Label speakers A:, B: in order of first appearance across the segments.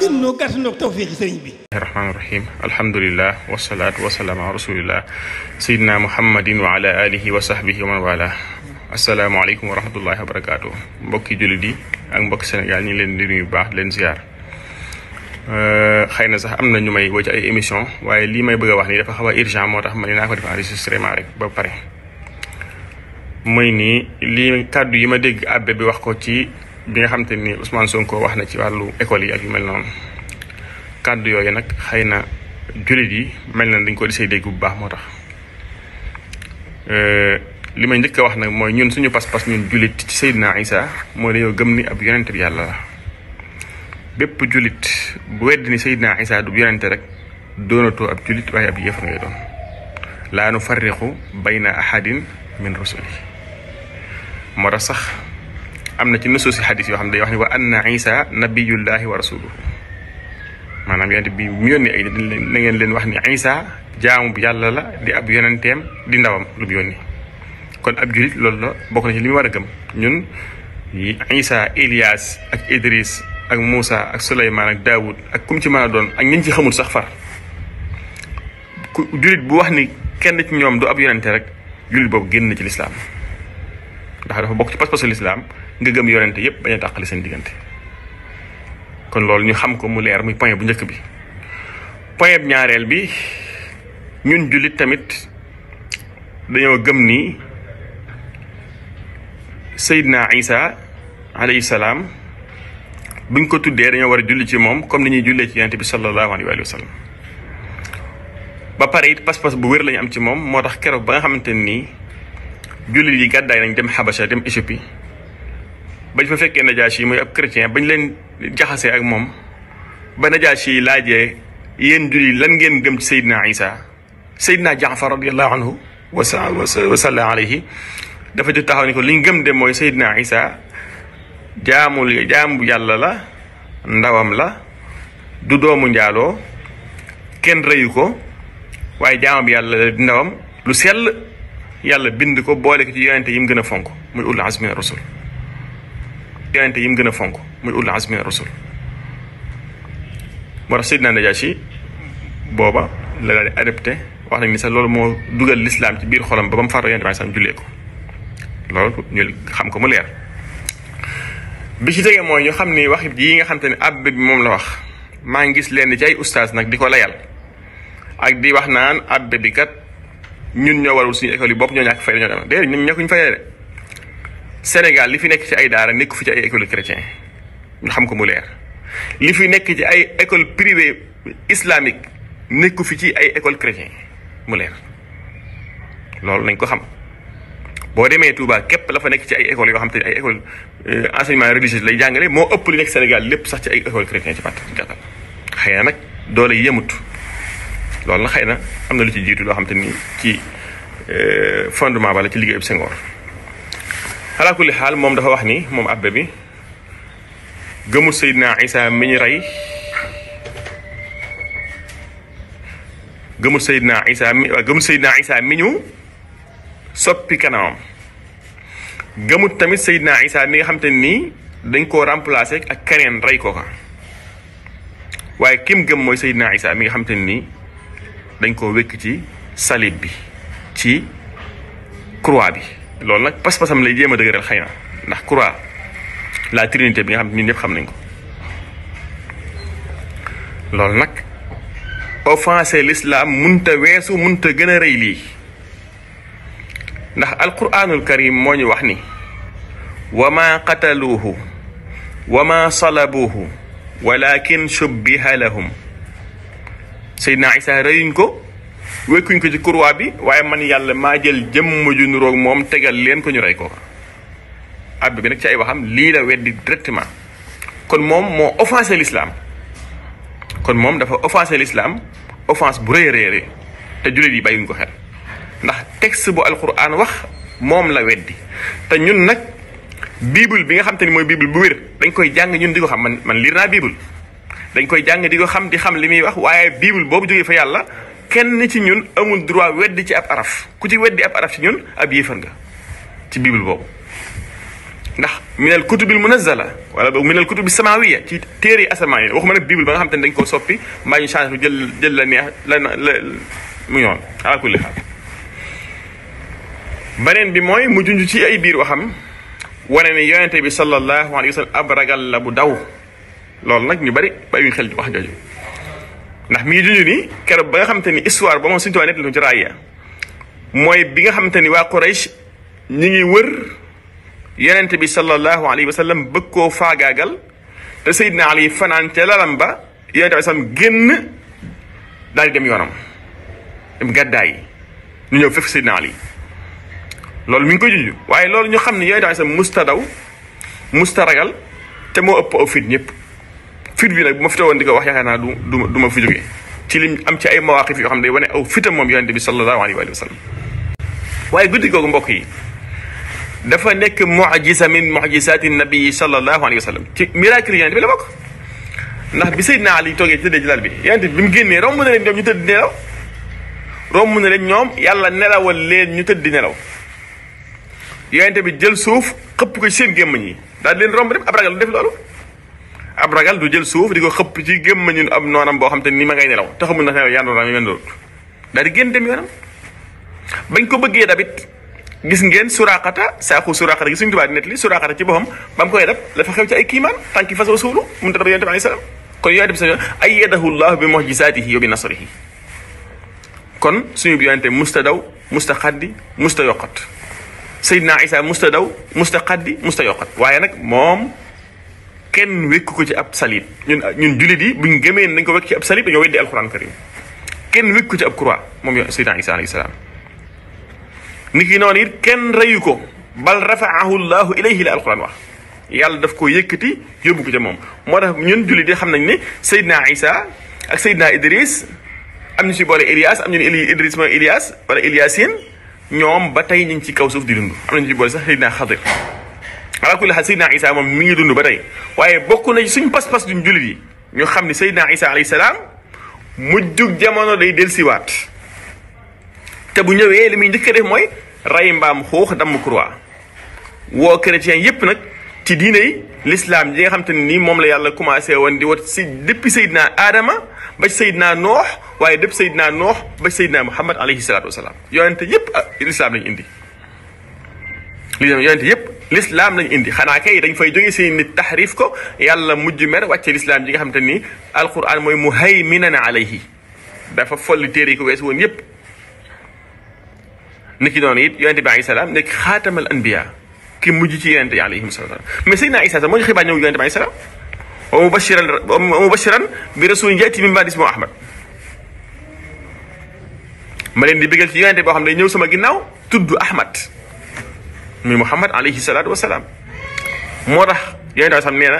A: gën noo gàtt noo tawféexi sëriñ bi
B: rahmaani rahim alhamdulilah wasalaatu wasalaam ala rasulillah sayidina muhammadin wa ala alihi wa sahbihi wa man wala asalaamaaleykum wa rahmatullahi wa barakaatu mbokki jullit yi ak mbokki Sénégal ñu ngi leen di nuyu bu baax di leen ziar euh, xëy na sax am na ñu may woo ci ay émission waaye lii may bëgg a wax nii dafa xaw a urgent moo tax ma ne naa ko def enregistrement rek ba pare muy nii lii kàddu yi ma dégg abbe bi wax ko ci bi nga xam te ni Ousmane Sonko wax na ci wàllu école yi ak yu mel noonu kàddu yooyu nag xëy na jullit yi mel na dañ ko disee dégg bu baax moo tax euh, li may njëkk a wax nag mooy ñun suñu pas-pas ñun jullit ci Seydina Isa mooy dañoo gëm ni ab yonente bi yàlla la bépp jullit bu wedd ni Seydina Isa du yonente rek doonatoo ab jullit waaye ab yéefar ngay doon laa nu farriqu bayna ahadin min rusuli moo tax sax am na ci nusuus si xadis yoo xam ne day wax ni wa anna isa nabiyullahi wa rasuluhu maanaam yonent bi mu ay na ngeen leen wax ni isa jaamu bu yàlla la di ab yonenteem di ndawam lu mu yónni kon ab julit loolu la bokk na ci li mu war a gëm ñun i isa Elias ak Idris ak Moussa ak Souleymane ak Daoud ak kum ci mën doon ak ñiñ ci xamul sax far ku julit bu wax ni kenn ci ñoom du ab yonente rek julit boobu génn na ci lislaam ndax dafa bokk ci pas-pasu lislaam nga gëm yonente yépp bañ a seen diggante kon loolu ñu xam ko mu leer muy point bu njëkk bi point bu ñaareel bi ñun jullit tamit dañoo gëm nii ni Seydina Isa alayhi salaam buñ ko tuddee dañoo war a ci moom comme ni ñuy jullee ci yonente bi sallallahu alayhi wa sallam ba pare it pas-pas bu wér lañu am ci moom moo tax keroog ba nga xamante nii jullit yi gàddaay nañ dem Xabasa dem Éthiopie bañ fa fekkee Najaasi muy ab chrétien bañ leen jaxasee ak moom ba Najaasi laajee yéen jullit lan ngeen gëm ci Seydina Isa Seydina Jaafar radiallahu anhu wa dafa taxaw ni ko li gëm de mooy Seydina Isa jaamul jaamu yàlla la ndawam la du doomu njaaloo kenn reyu ko waaye jaamam yàlla ndawam lu sell yàlla bind ko boole ko ci yonente yi mu gën a fonk muy ulul azmi rasul yonente yi mu gën a fonk muy ulul azmi min rasul moo tax Seydina Najaasi booba la daal di adopté wax nañ ni sax loolu moo dugal lislaam ci biir xolam ba ba mu faatoo yonente bi sax jullee ko loolu ñu xam ko mu leer bi ci tege mooy ñu xam ni wax yi nga xam ni ne abbé bi moom la wax maa ngi gis leen ci ay ustaas nag di ko layal ak di wax naan abbé bi kat ñun ñoo warul suñu école yi bopp ñoo ñàkk fay dañoo dem déedéet ñun ñàkkuñ fayee de Sénégal li fi nekk ci ay daara nekku fi ci ay école chrétien xam ko mu leer li fi nekk ci ay école privée islamique nekku fi ci ay école chrétien mu leer loolu nañ ko xam boo demee Touba képp la fa nekk ci ay école yoo xam te ay école euh, enseignement religieux lay jàngale moo ëpp li nekk Sénégal lépp sax ci ay école chrétien ci bàtt gàttal xëy na nag doole yemut loolu na xëy na am na lu ci jiitu loo xam te ni ci euh, fondement bala ci liggéey liggéeyub Senghor ala kulli xaal moom dafa wax ni moom abbe bi gëmul Seydina Isa mi ñu rey gëmul Seydina Isa mi gëmul Seydina Isa mi ñu soppi kanamam gëmut tamit Seydina Isa mi nga xam te nii dañ koo remplacer ak keneen rey ko waaye kim gëm mooy Seydina Isa mi nga xam te nii dañ koo wékk ci salib bi ci croix bi loolu nag pas-pasam lay jéem a dëgëral xëy na ndax croix la trinité bi nga xam ñun ñëpp xam nañ ko loolu nag offensé l'islam munta weesu munta gën a rëy lii ndax alquranul karim moo ñu wax ni wa ma qataluuhu wa ma salabuuhu walakin shubbiha lahum seydna isa rëyuñ ko wékkuñ ko ci croix bi waaye man yàlla maa jël jëmm ju niroog moom tegal leen ko ñu rey ko abbi bi nag ci ay waxam lii la weddi directement kon moom moo offensé l'islam kon moom dafa offensé l'islam offense bu rëy rëy te jullit yi bàyyiwuñ ko xel ndax texte bu alquran wax moom la weddi te ñun nag bible bi nga xam te ni mooy bible bu wér dañ koy jàng ñun di ko xam man man liir naa bible dañ koy jàng di ko xam di xam li muy wax waaye bible boobu jógee fa yàlla kenn ci ñun amul droit weddi ci ab araf ku ci weddi ab araf ci ñun ab yéefar nga ci bible boobu ndax minal kutubil munazzala wala boog minal kutubi samawiya ci téere asamaan yi waxuma nag bible ba nga xam te ne dañ koo soppi mbaa ñu change lu jël jël la neex la la mu ñoon ala xaal beneen bi mooy mu junj ci ay biir waxam wane ne yonente bi sallallahu alayhi wa sallam ragal la bu daw loolu nag ñu bari bàyyi xel wax jooju ndax mi ngi ni keroog ba nga xamante ni histoire ba moom suñu tubaab nekk lu ci mooy bi nga xamante ni waa Quraysh ñi ngi wër yonent bi sallallahu alayhi wa sallam bëgg koo faagaagal te Seydina Ali fanaan ca lalam ba yonent bi sam génn daal di dem yoonam dem gàddaay ñu ñëw fekk Seydina Ali loolu mi ngi koy waaye loolu ñu xam ne yonent bi sam musta daw musta ragal te moo ëpp aw fit ñëpp. fit bi nag bu ma fi teewoon di ko wax yaakaar naa du du du ma fi jógee am ci ay mawaqif yoo xam ne day wane aw fita moom yonente bi sallallahu alayhi wa sallam waaye guddi googu mbokk yi dafa nekk mojisa min mojisati nabii sallallahu alayhi wa sallam ci miracle yonente bi la bokk ndax bi Seydina Ali toogee ci tëddee ci bi yonente bi bi mu génnee romb na leen ñoom ñu tëdd di nelaw romb na leen ñoom yàlla nelawal leen ñu tëdd di nelaw yonente bi jël suuf xëpp ko ci seen gémmañ daal leen romb dem ab ragal def loolu ab ragal du jël suuf di ko xëpp ci gémmañu ab noonam boo xam te ni ma ngay nelaw te xamul na sa yàndoor na mi mel noonu daal di génn dem yoonam bañ ko bëggee dabit gis ngeen suraaxata saaxu suraaxata gi suñu tubaab di nettali suraaxata ci boppam ba mu koy dab dafa xew ay kiimaan tànki fas wa suulu mun tadab bi alayhi salaam kon yonent bi sa ayyadahu llahu bi mu'jizaatihi bi musta daw musta xaddi musta yokkat Seydina Isa musta daw musta xaddi musta yokkat waaye nag moom kenn wékku ko ci ab salit ñun ñun jullit yi buñ gëmee nañ ko wekk ci ab salit dañoo weddi alxuraan karim kenn wékku ci ab croix moom yo seydina isa alayhi salaam ki noonu it kenn reyu ko bal rafaahu llahu ilayhi la alxuraan wax yàlla daf ko yëkkati yóbbu ko moom moo tax ñun jullit yi xam nañ ne seydina isa ak seydina idris am ñu ci boole Ilias am ñu ne Idris mooy Ilias wala Iliasine ñoom ba tey ñu ngi ci kaw suuf di dund am nañu ci boole sax seydina xadir ala kulli xaal Seydina Isa moom mi ngi dund ba tey waaye bokk na suñ pas-pas duñ jullit yi ñu xam ne Seydina Isa alayhi salaam mujjug jamono day dellusiwaat te bu ñëwee li muy njëkk a def mooy ray mbaam xoox damm croix woo chrétien yépp nag ci diine yi l'islam yi nga xam te ne nii moom la yàlla commencé woon di wat si depuis Seydina Adama ba ci Seydina Noox waaye depuis Seydina Noox ba ci Seydina Muhammad alayhi salaatu wasalaam yonente yépp ah, l'islam lañ indi li dem yonent yëpp lislaam lañ indi xanaa kay dañ fay jóge si nit taxrif ko yàlla mujj mer wàcce lislaam ji nga xamante ni alquran mooy muhayminan alayhi dafa folli téere yi ko weesu woon yëpp niki noonu it yonent bi alayhi salaam nekk xaatamal anbiya ki mujj ci yonent yi alayhim salaam mais Seydina Isa sax moo ñu xibaar ñëw yonent bi alayhi salaam wa mubashiran wa bi rasulin yati min ba'di ismuhu ahmad ma leen di bégal ci yonent boo xam ne ñëw sama ginnaaw tudd ahmad muy Muhammad alayhi salaatu wasalaam moo tax yonente na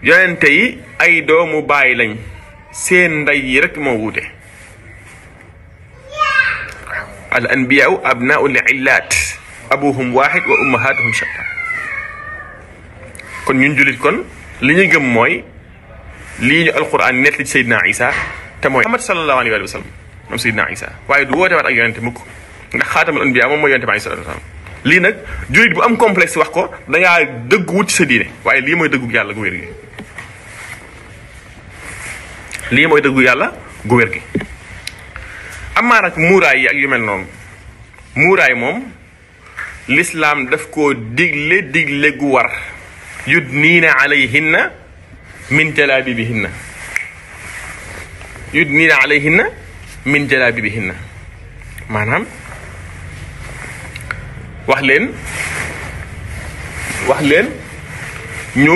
B: yonente ay doomu bàyyi lañ seen ndey yi rek moo wuute al anbiyaau abnaau li illaat abuhum waaxid wa ummahatuhum shatta kon ñun jullit kon li ñu gëm mooy lii ñu alquran nett li ci Seydina sa te mooy Muhammad sallallahu alayhi wa sallam moom Seydina Isa waaye du woote waat ak yonente ndax xaatamul anbiya moom mooy yonent bi lii nag jurit bu am complexe wax ko dangaa dëgg wut ci sa diine waaye lii mooy dëggu yàlla gu wér gi lii mooy yàlla gu gi amaa nag muuraay yi ak yu mel noonu muuraay moom lislaam def ko digle digle gu war yudniina alayhinna min jalaabibihinna yudniina alayhinna min jalaabibihinna maanaam wax leen wax leen ñu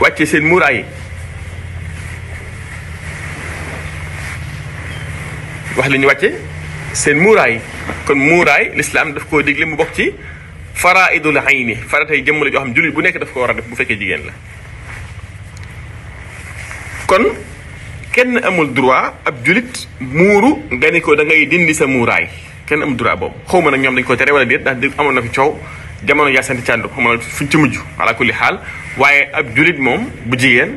B: wàcce seen muraay wax leen ñu seen muuraay kon muuraay lislaam daf koo digle mu bokk ci faraidul ayni faratay jëmm la joo xam jullit bu nekk daf ko war a def bu fekkee jigéen la kon kenn amul droit ab jullit muuru nga ni ko da ngay dindi sa muuraay kenn am duraa boobu xaw ma nag ñoom dañ ko tere wala a ndax dégg amoon na fi coow jamono yaa sant càndu xaw ma nag fuñ ci mujj xaal waaye ab julit moom bu jigéen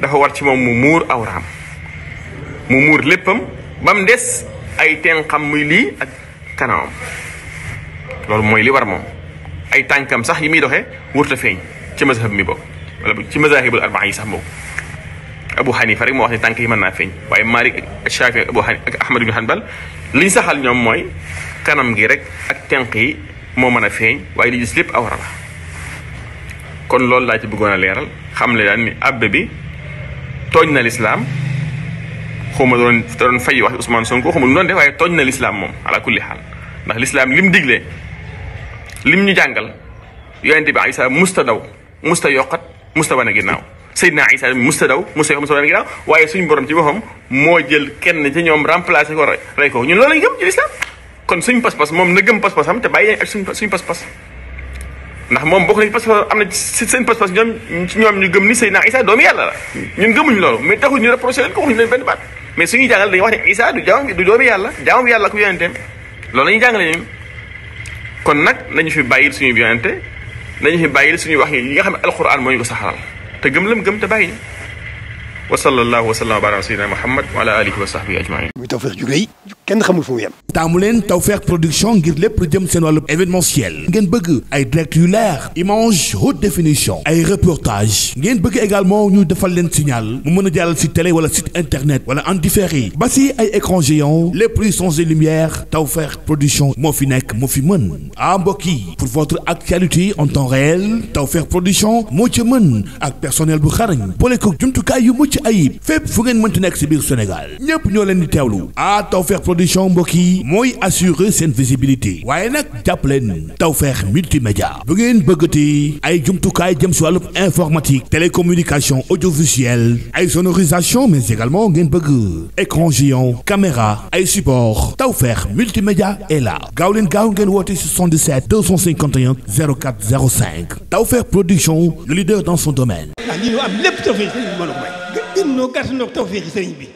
B: dafa war ci moom mu muur awraam mu muur léppam ba mu des ay tenqam muy lii ak kanamam loolu mooy li war moom ay tànkam sax yi muy doxee wurta feeñ ci mazhab mi bokk wala ci mazahibul arbaa yi sax bokk Abu Hanifa rek moo wax ne tànk yi mën naa feeñ waaye Malik ak Shafi ak Abu Hanifa Hanbal li saxal ñoom mooy kanam gi rek ak tenq yi moo mën a feeñ waaye li gis lépp awra la kon loolu laa ci bëggoon a leeral xam le daal ni abbé bi tooñ na lislaam xawma doon doon fay wax Ousmane Sonko xawma lu doon def waaye tooñ na lislaam moom ala kulli xaal ndax lislaam lim diglee lim ñu jàngal yonente bi Isa musta daw musta yokkat musta wane ginnaaw Seydina Isa musta daw musta yoo xam ne ginnaaw waaye suñu borom ci waxam kenn ñoom remplacé ko rey ko ñun kon suñu pas moom na gëm pas-pasam te bàyyi ak suñ suñu pas-pas ndax moom bokk nañ pas am na ci seen pas-pas ñoom ci ñoom ñu gëm ni Seydina Isa doomu yàlla la ñun gëmuñ loolu mais taxul ñu reproché leen ko waxuñu leen benn baat mais suñuy jàngal dañuy wax ne Isa du jaam du doomu yàlla jaamu yàlla ku yonenteem loolu la ñuy jàngale ñun kon nag nañu fi bàyyil suñu yonente nañu fi bàyyil suñuy wax yi nga xam ne alquran moo ñu ko saxaral te gëm lam gëm te bàyyi wa sallallahu wa sallam wa baraka sayyidina Muhammad wa ala
A: kenn xamul fu mu taamu leen Tawfekh production ngir lépp lu jëm seen wàllu événementiel ngeen bëgg ay direct yu leer image haute définition ay reportage ngeen bëgg également ñu defal leen signal mu mën a jàllal si télé wala site internet wala en différé ba si ay écran géant lépp luy son et lumière Tawfekh production moo fi nekk moo fi mën ah mbokk yi pour votre actualité en temps réel Tawfekh production moo ci mën ak personnel bu xarañ ayib fépp fu ngeen mënti nekk si biir Sénégal ñépp ñoo leen di teewlu ah Tawfekh production mbokk yi mooy assurer seen visibilité waaye nag jàpp leen Tawfekh multimédia bu ngeen bëggati ay jumtukaay jëm si wàllu informatique télécommunication audiovisuelle ay sonorisation mais également ngeen bëgg écran géant caméra ay support Tawfekh multimédia est là gaaw leen gaaw ngeen woote 77 251 04 05 Tawfekh production le leader dans son domaine. Ah, am lépp Tawfekh sëriñ bi mën a may gën noo gàtt noo tawfeex ci sëriñ bi